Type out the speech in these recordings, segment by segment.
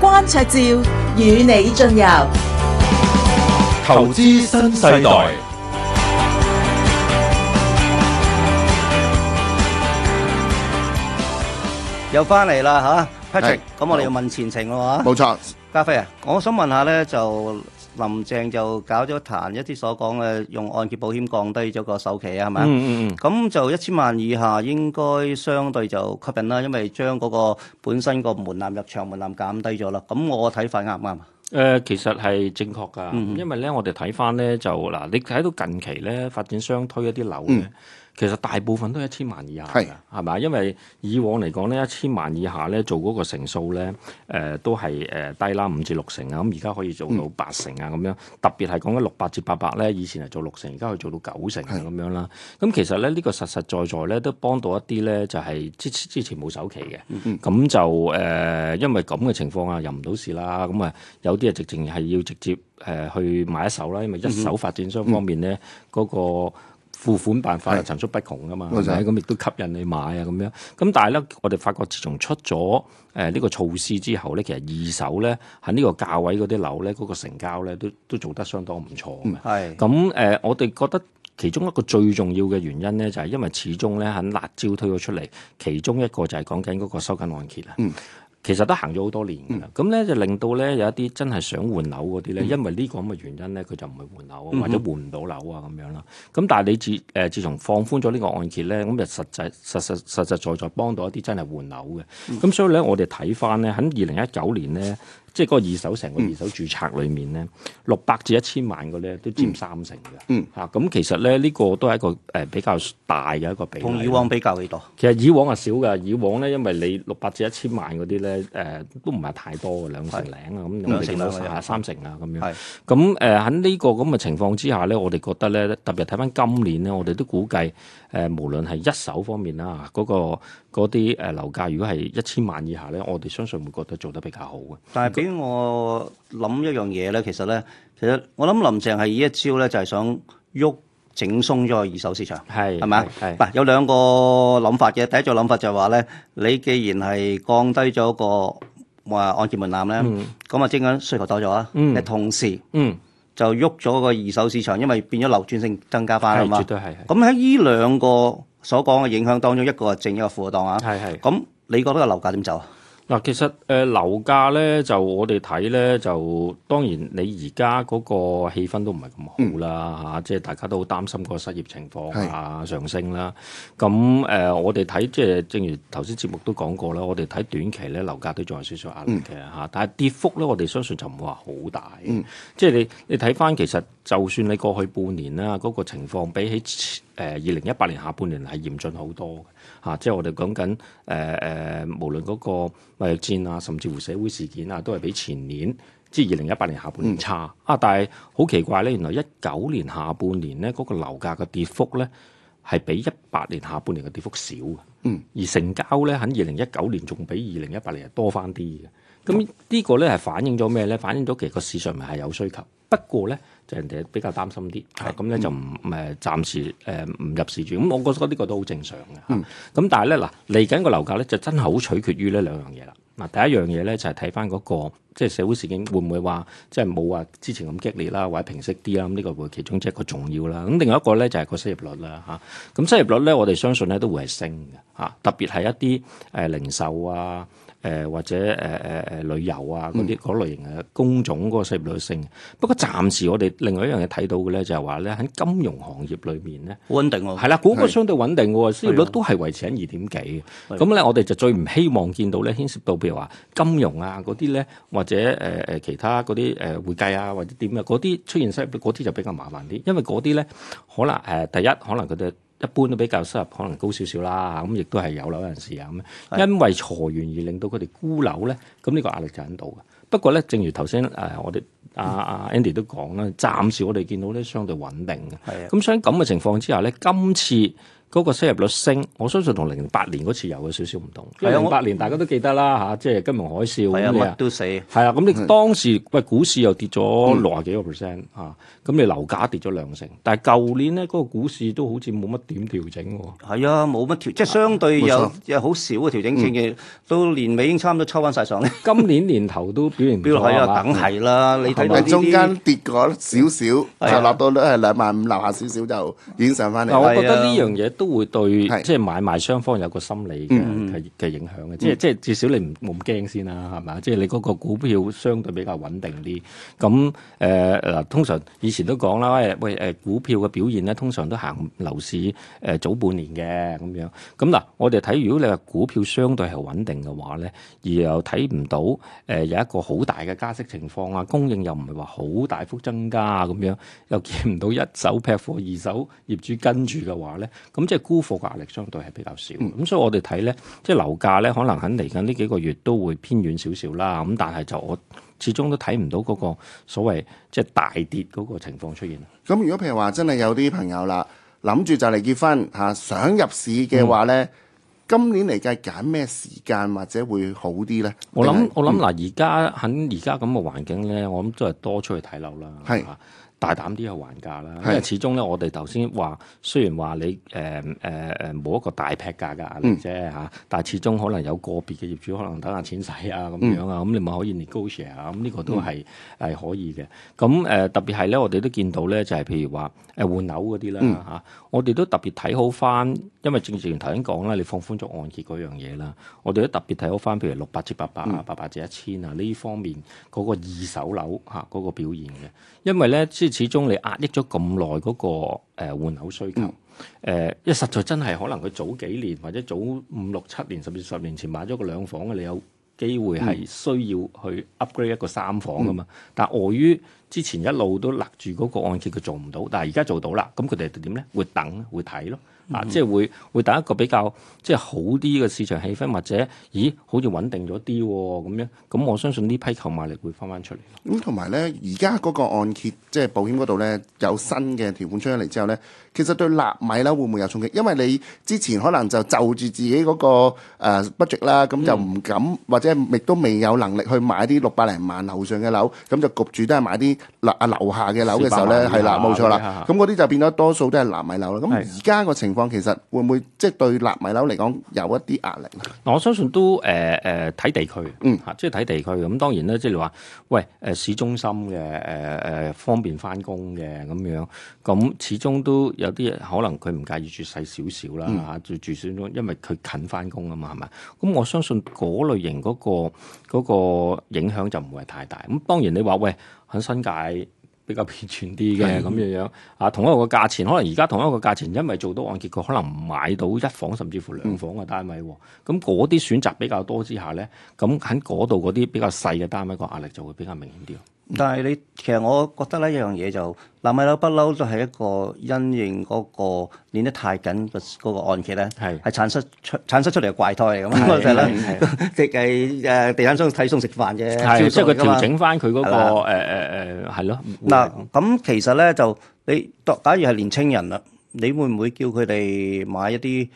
關赤照與你進游，投資新世代又翻嚟啦吓，Patrick，咁是我哋要問前程啦，冇錯，嘉輝啊，我想問下咧就。林鄭就搞咗談一啲所講嘅用按揭保險降低咗個首期啊，係嘛？咁、嗯嗯、就一千萬以下應該相對就吸引啦，因為將嗰個本身個門檻入場門檻減低咗啦。咁我睇法啱唔啱？誒、呃，其實係正確㗎。嗯、因為咧，我哋睇翻咧就嗱，你睇到近期咧發展商推一啲樓嘅。嗯其實大部分都係一千萬以下，係咪是？因為以往嚟講咧，一千萬以下咧做嗰個成數咧，誒、呃、都係誒低啦，五至六成啊。咁而家可以做到八成啊，咁樣特別係講緊六百至八百咧，以前係做六成，而家可以做到九成咁樣啦。咁是其實咧，呢、這個實實在在咧，都幫到一啲咧，就係、是、之之前冇首期嘅，咁、嗯、哼就誒、呃，因為咁嘅情況啊，入唔到事市啦。咁啊，有啲啊直情係要直接誒、呃、去買一手啦，因為一手發展商方面咧嗰個。嗯哼嗯付款辦法係層出不窮噶嘛，咁亦都吸引你買啊咁樣。咁但係咧，我哋發覺自從出咗誒呢個措施之後咧，其實二手咧喺呢個價位嗰啲樓咧，嗰個成交咧都都做得相當唔錯。係咁誒，我哋覺得其中一個最重要嘅原因咧，就係因為始終咧喺辣招推咗出嚟，其中一個就係講緊嗰個收緊按揭啊。嗯其實都行咗好多年噶，咁咧、嗯、就令到咧有一啲真係想換樓嗰啲咧，嗯、因為呢個咁嘅原因咧，佢就唔會換樓或者換唔到樓啊咁樣啦。咁但係你自誒、呃、自從放寬咗呢個按揭咧，咁就實際實際實際實實在在幫到一啲真係換樓嘅。咁、嗯、所以咧，我哋睇翻咧喺二零一九年咧，即係嗰個二手成個二手注冊裏面咧，六百至一千萬嘅咧都佔三成嘅。吓咁、嗯嗯啊、其實咧呢、這個都係一個誒比較大嘅一個比同以往比較幾多？其實以往係少噶，以往咧因為你六百至一千萬嗰啲咧。誒都唔係太多嘅，兩成零啊，咁兩成兩成啊，樣三成啊咁樣。係咁誒，喺、呃、呢個咁嘅情況之下咧，我哋覺得咧，特別睇翻今年咧，我哋都估計誒、呃，無論係一手方面啦，嗰、嗰個嗰啲誒樓價，呃、如果係一千萬以下咧，我哋相信會覺得做得比較好嘅。但係俾我諗一樣嘢咧，其實咧，其實我諗林鄭係以一招咧，就係想喐。整鬆咗個二手市場，係係咪啊？唔係有兩個諗法嘅。第一個諗法就係話咧，你既然係降低咗個話按揭門檻咧，咁啊即係講需求多咗啊。嗯，同時嗯就喐咗個二手市場，因為變咗流轉性增加翻係嘛。絕對係。咁喺呢兩個所講嘅影響當中，一個係正，一個係負嘅檔啊。係係。咁你覺得個樓價點走啊？嗱，其實誒，樓價咧就我哋睇咧，就當然你而家嗰個氣氛都唔係咁好啦吓、嗯啊，即係大家都好擔心個失業情況啊是上升啦。咁誒、呃，我哋睇即係，正如頭先節目都講過啦，我哋睇短期咧，樓價都仲有少少壓力嘅吓、嗯啊。但係跌幅咧，我哋相信就唔會話好大。嗯、即係你你睇翻，其實就算你過去半年啦，嗰、那個情況比起誒二零一八年下半年係嚴峻好多嘅吓、啊。即係我哋講緊誒誒，無論嗰、那個。貿易戰啊，甚至乎社會事件啊，都係比前年即係二零一八年下半年差啊！嗯、但係好奇怪咧，原來一九年下半年咧，嗰個樓價嘅跌幅咧係比一八年下半年嘅跌幅少嘅，而成交咧喺二零一九年仲比二零一八年多翻啲嘅。咁、這個、呢個咧係反映咗咩咧？反映咗其實個市場咪係有需求，不過咧就人哋比較擔心啲，咁、啊、咧、嗯啊、就唔誒暫時誒唔、呃、入市住。咁我覺得呢個都好正常嘅。咁、啊、但係咧嗱，嚟緊個樓價咧就真係好取決於呢兩樣嘢啦。嗱、啊，第一樣嘢咧就係睇翻嗰個即係社會事件會唔會話即係冇話之前咁激烈啦，或者平息啲啦。咁、啊、呢個會其中一個重要啦。咁另外一個咧就係、是、個失業率啦嚇。咁失業率咧我哋相信咧都會係升嘅嚇、啊，特別係一啲誒零售啊。啊啊啊啊啊啊啊啊誒或者誒誒誒旅遊啊嗰啲嗰類型嘅工種嗰個失業率升，不過暫時我哋另外一樣嘢睇到嘅咧就係話咧喺金融行業裏面咧，好穩定喎，係啦，嗰個相對穩定嘅失是的 業率都係維持喺二點幾，咁咧是的 我哋就最唔希望見到咧牽涉到譬如話金融啊嗰啲咧，或者誒誒、呃、其他嗰啲誒會計啊或者點啊嗰啲出現失業嗰啲就比較麻煩啲，因為嗰啲咧可能誒、呃、第一可能佢哋。一般都比較適合，可能高少少啦，咁亦都係有樓人士啊咁。是的 因為裁員而令到佢哋沽樓咧，咁呢個壓力就喺度嘅。不過咧，正如頭先誒我哋阿阿 Andy 都講啦，暫時我哋見到咧相對穩定嘅。咁是的、嗯、所以咁嘅情況之下咧，今次。嗰個收入率升，我相信同零八年嗰次有少少唔同。零八年大家都記得啦嚇，即係金融海嘯，咩啊都死。係啊，咁你當時喂股市又跌咗六啊幾個 percent 嚇，咁你樓價跌咗兩成。但係舊年咧，嗰個股市都好似冇乜點調整喎。係啊，冇乜調，即係相對又又好少嘅調整，正嘅。到年尾已經差唔多抽翻晒上嚟。今年年頭都表現唔好啦。係啊，梗係啦。你睇到中間跌咗少少，就落到都係兩萬五，留下少少就頂上翻嚟。我覺得呢樣嘢，都會對即係買賣雙方有個心理嘅嘅影響嘅，嗯嗯即係即係至少你唔冇咁驚先啦，係嘛？即係你嗰個股票相對比較穩定啲，咁誒嗱，通常以前都講啦，誒喂誒股票嘅表現咧，通常都行樓市誒、呃、早半年嘅咁樣。咁嗱，我哋睇如果你話股票相對係穩定嘅話咧，而又睇唔到誒、呃、有一個好大嘅加息情況啊，供應又唔係話好大幅增加啊，咁樣又見唔到一手劈貨，二手業主跟住嘅話咧，咁。即係沽貨嘅壓力相對係比較少，咁、嗯、所以我哋睇咧，即係樓價咧，可能喺嚟緊呢幾個月都會偏軟少少啦。咁但係就我始終都睇唔到嗰個所謂即係大跌嗰個情況出現。咁如果譬如話真係有啲朋友啦，諗住就嚟結婚吓，想入市嘅話咧，嗯、今年嚟計揀咩時間或者會好啲咧？想、嗯？我諗我諗嗱，而家喺而家咁嘅環境咧，我諗都係多出去睇樓啦。係。大膽啲去還價啦，因為始終咧，我哋頭先話，雖然話你誒誒誒冇一個大劈價嘅壓力啫嚇，嗯、但係始終可能有個別嘅業主可能等下錢使啊咁樣啊，咁、嗯、你咪可以 negotiate 嚇，咁呢個都係係可以嘅。咁、嗯、誒特別係咧，我哋都見到咧，就係譬如話誒換樓嗰啲啦嚇，我哋都特別睇好翻，因為正如頭先講啦，你放寬咗按揭嗰樣嘢啦，我哋都特別睇好翻，譬如六百至八百、嗯、啊，八百至一千啊呢方面嗰個二手樓嚇嗰個表現嘅，因為咧始終你壓抑咗咁耐嗰個誒換樓需求，誒，因為實在真係可能佢早幾年或者早五六七年甚至十年前買咗個兩房嘅，你有機會係需要去 upgrade 一個三房㗎嘛？Mm. 但礙於。之前一路都勒住嗰個按揭佢做唔到，但係而家做到啦，咁佢哋點咧？會等，咧？會睇咯，啊，即係會會等一個比較即係、就是、好啲嘅市場氣氛，或者咦，好似穩定咗啲咁樣，咁我相信呢批購買力會翻翻出嚟。咁同埋咧，而家嗰個按揭即係保險嗰度咧，有新嘅條款出咗嚟之後咧，其實對納米啦會唔會有衝擊？因為你之前可能就就住自己嗰個誒 budget 啦，咁就唔敢、嗯、或者亦都未有能力去買啲六百零萬樓上嘅樓，咁就焗住都係買啲。嗱，啊，樓下嘅樓嘅時候咧，係啦，冇錯啦，咁嗰啲就變咗多數都係納米樓啦。咁而家個情況其實會唔會即係、即係、對納米樓嚟講有一啲壓力嗱？我相信都誒誒睇地區，嗯嚇、啊，即係睇地區。咁當然咧，即係你話，喂，誒市中心嘅誒誒方便翻工嘅咁樣，咁始終都有啲可能佢唔介意住細少少啦嚇，住住少少，因為佢近翻工啊嘛，係咪？咁我相信嗰類型嗰、嗰個嗰個影響就唔會太大。咁當然你話喂。喂喺新界比較偏遠啲嘅咁樣樣啊，同一個價錢，可能而家同一個價錢，因為做到按揭，佢可能唔買到一房甚至乎兩房嘅單位喎。咁嗰啲選擇比較多之下呢，咁喺嗰度嗰啲比較細嘅單位個壓力就會比較明顯啲。但係你，其實我覺得咧一樣嘢就，納米樓不嬲都係一個因應嗰、嗰個連得太緊個嗰個按揭咧，係產生出產生出嚟嘅怪胎嚟咁啊！就係啦，即係誒地產商睇餸食飯嘅，即係佢調整翻佢嗰個誒誒誒，係咯。嗱咁其實咧就你，假如係年青人啦，你會唔會叫佢哋買一啲？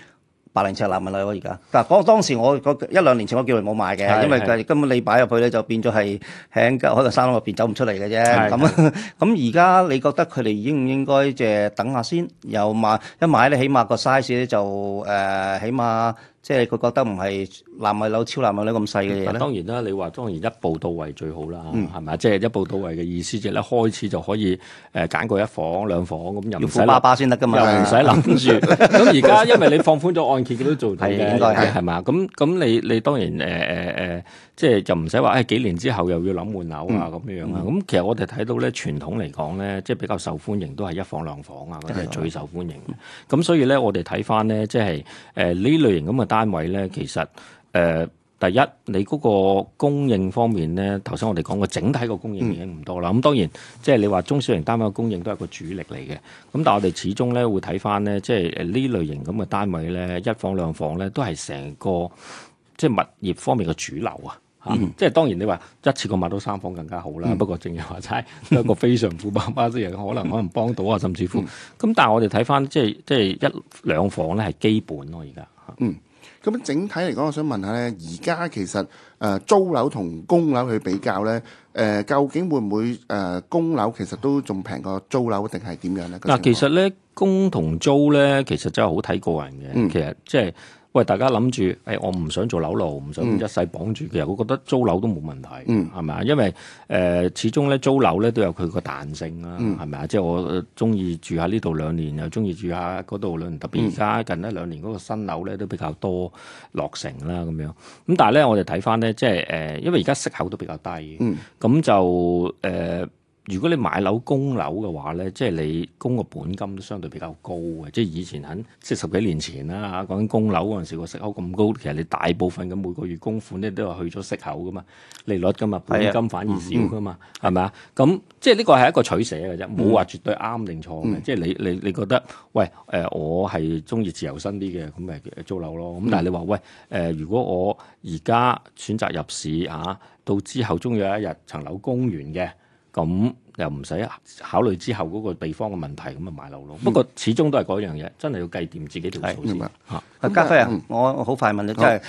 百零尺難問啦，我而家嗱，嗰當時我一兩年前我叫佢冇買嘅，是是因為根本你擺入去咧就變咗係響個可能山窿入邊走唔出嚟嘅啫。咁咁而家你覺得佢哋應唔應該即係等下先？又買一買咧、呃，起碼個 size 咧就誒，起碼。即係佢覺得唔係納米樓超納米樓咁細嘅嘢咧？當然啦，你話當然一步到位最好啦，係咪、嗯？即係、就是、一步到位嘅意思、就是，即係咧開始就可以誒揀個一房兩房咁，又唔使爸爸先得噶嘛，又唔使諗住。咁而家因為你放寬咗 按揭，佢都做到嘅，應該係嘛？咁咁你你當然誒誒誒，即係就唔使話誒幾年之後又要諗換樓啊咁樣啊。咁其實我哋睇到咧傳統嚟講咧，即係比較受歡迎都係一房兩房啊，嗰啲係最受歡迎。咁、嗯嗯、所以咧，我哋睇返咧，即係誒呢類型咁啊。單位咧，其實誒，第一你嗰個供應方面咧，頭先我哋講過，整體個供應已經唔多啦。咁當然，即係你話中小型單位嘅供應都係一個主力嚟嘅。咁但係我哋始終咧會睇返咧，即係呢類型咁嘅單位咧，一房兩房咧都係成個即係物業方面嘅主流啊。嚇，即係當然你話一次過買到三房更加好啦。不過正如話齋，一個非常富爸爸啲人可能可能幫到啊，甚至乎。咁但係我哋睇返即係即係一兩房咧係基本咯，而家嚇。咁樣整體嚟講，我想問下咧，而家其實誒租樓同供樓去比較咧，誒究竟會唔會誒供樓其實都仲平過租樓，定係點樣咧？嗱，其實咧，供同租咧，嗯、其實真係好睇個人嘅。嗯，其實即係。喂，大家諗住，誒、欸，我唔想做樓奴，唔想一世綁住其實，我覺得租樓都冇問題，係咪啊？因為誒、呃，始終咧租樓咧都有佢個彈性啦，係咪啊？嗯、即係我中意住下呢度兩年，又中意住下嗰度兩年，特別而家近一兩年嗰個新樓咧都比較多落成啦，咁樣。咁但係咧，我哋睇翻咧，即係誒、呃，因為而家息口都比較低，咁、嗯、就誒。呃如果你買樓供樓嘅話咧，即係你供個本金都相對比較高嘅。即係以前喺即係十幾年前啦、啊、嚇，講緊供樓嗰陣時個息口咁高，其實你大部分嘅每個月供款咧都係去咗息口噶嘛，利率噶嘛，本金反而少噶嘛，係咪啊？咁、嗯、即係呢個係一個取捨嘅啫，冇話絕對啱定錯嘅。嗯、即係你你你覺得喂誒、呃，我係中意自由身啲嘅，咁咪租樓咯。咁但係你話喂誒、呃，如果我而家選擇入市嚇、啊，到之後終於有一日層樓供完嘅。咁又唔使考慮之後嗰個地方嘅問題，咁就買樓咯。不過始終都係嗰樣嘢，真係要計掂自己條數先。啊，嘉輝啊，我好快問你，真係好。即係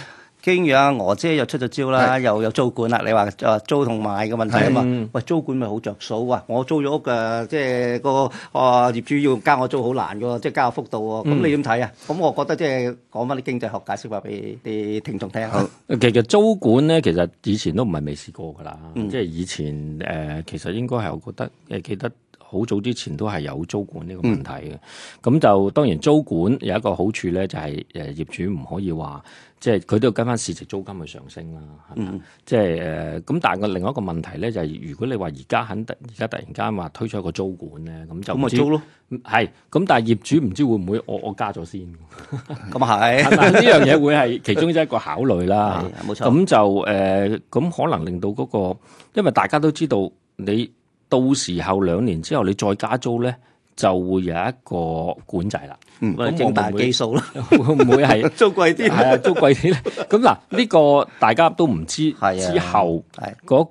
竟然阿娥姐又出咗招啦，又有租管啦，你話啊租同賣嘅問題啊嘛，的喂租管咪好着數啊！我租咗屋嘅，即係、個啊、呃、業主要加我租好難嘅喎，即係加個幅度喎。咁、嗯、你點睇啊？咁我覺得即係講翻啲經濟學解釋話俾啲聽眾聽下。好其實租管咧，其實以前都唔係未試過㗎啦，嗯、即係以前誒、呃，其實應該係我覺得誒記得。好早之前都係有租管呢個問題嘅，咁就、嗯嗯、當然租管有一個好處咧，就係誒業主唔可以話，即係佢都要跟翻市值租金去上升啦，係咪？即係誒，咁、嗯、但係個另外一個問題咧、就是，就係如果你話而家肯而家突然間話推出一個租管咧，咁就咁咪租咯，係咁，但係業主唔知會唔會我我加咗先那是， 咁啊係，呢樣嘢會係其中一個考慮啦，冇 錯就。咁就誒，咁可能令到嗰、那個，因為大家都知道你。到時候兩年之後，你再加租咧，就會有一個管制啦。嗯，咁唔、嗯、會唔會係租貴啲？係租貴啲咧？咁嗱，呢個大家都唔知 之後嗰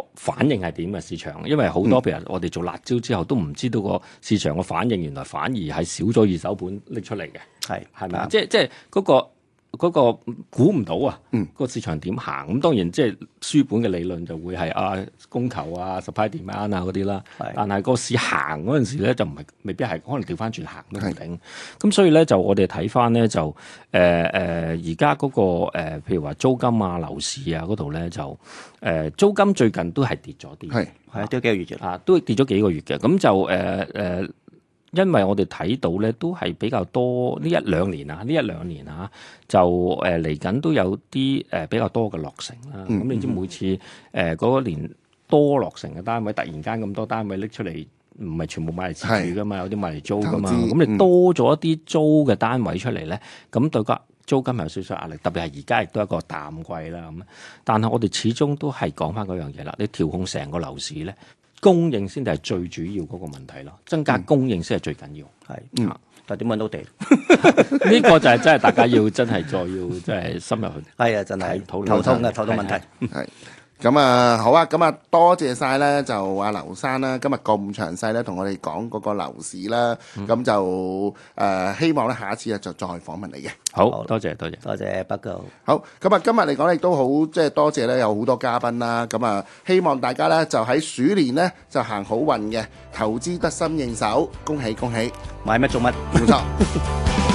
個反應係點嘅市場，因為好多譬如我哋做辣椒之後，都唔知道個市場嘅反應，原來反而係少咗二手盤拎出嚟嘅。係係咪啊？即即嗰、嗰個。嗰個估唔到啊！嗯、嗰，個市場點行咁？當然即係書本嘅理論就會係啊供求啊 supply demand 啊嗰啲啦。是但係個市行嗰陣時咧，就唔係未必係，可能調翻轉行都唔定。咁是所以咧，就我哋睇翻咧，就誒誒，而家嗰個、呃、譬如話租金啊、樓市啊嗰度咧，就誒、呃、租金最近都係跌咗啲。係係是、啊、跌咗幾個月啫。啊，都跌咗幾個月嘅。咁就誒誒。呃呃呃因為我哋睇到咧，都係比較多呢一兩年啊，呢一兩年啊，就誒嚟緊都有啲誒、呃、比較多嘅落成啦、啊。咁、嗯、你知每次誒嗰、呃那個、年多落成嘅單位，突然間咁多單位拎出嚟，唔係全部買嚟自住㗎嘛，是有啲買嚟租㗎嘛。咁、嗯、你多咗一啲租嘅單位出嚟咧，咁對個租金有少少壓力，特別係而家亦都係一個淡季啦。咁，但係我哋始終都係講翻嗰樣嘢啦，你調控成個樓市咧。供應先係最主要嗰個問題咯，增加供應先係最緊要。係，嗯，嗯但點樣揾到地？呢 個就係真係大家要真係再要真係深入去。係啊， 真係的討論頭痛嘅頭痛問題。係。咁啊，好啊，咁啊，多謝晒咧，就阿劉生啦，今日咁詳細咧，同我哋講嗰個樓市啦，咁就誒，希望咧下一次啊，就再訪問你嘅。好多謝多謝多謝，不夠好。咁啊，今日嚟講咧，亦都好，即係多謝咧，有好多嘉賓啦。咁啊，希望大家咧就喺鼠年咧就行好運嘅，投資得心應手，恭喜恭喜，買乜做乜，冇錯。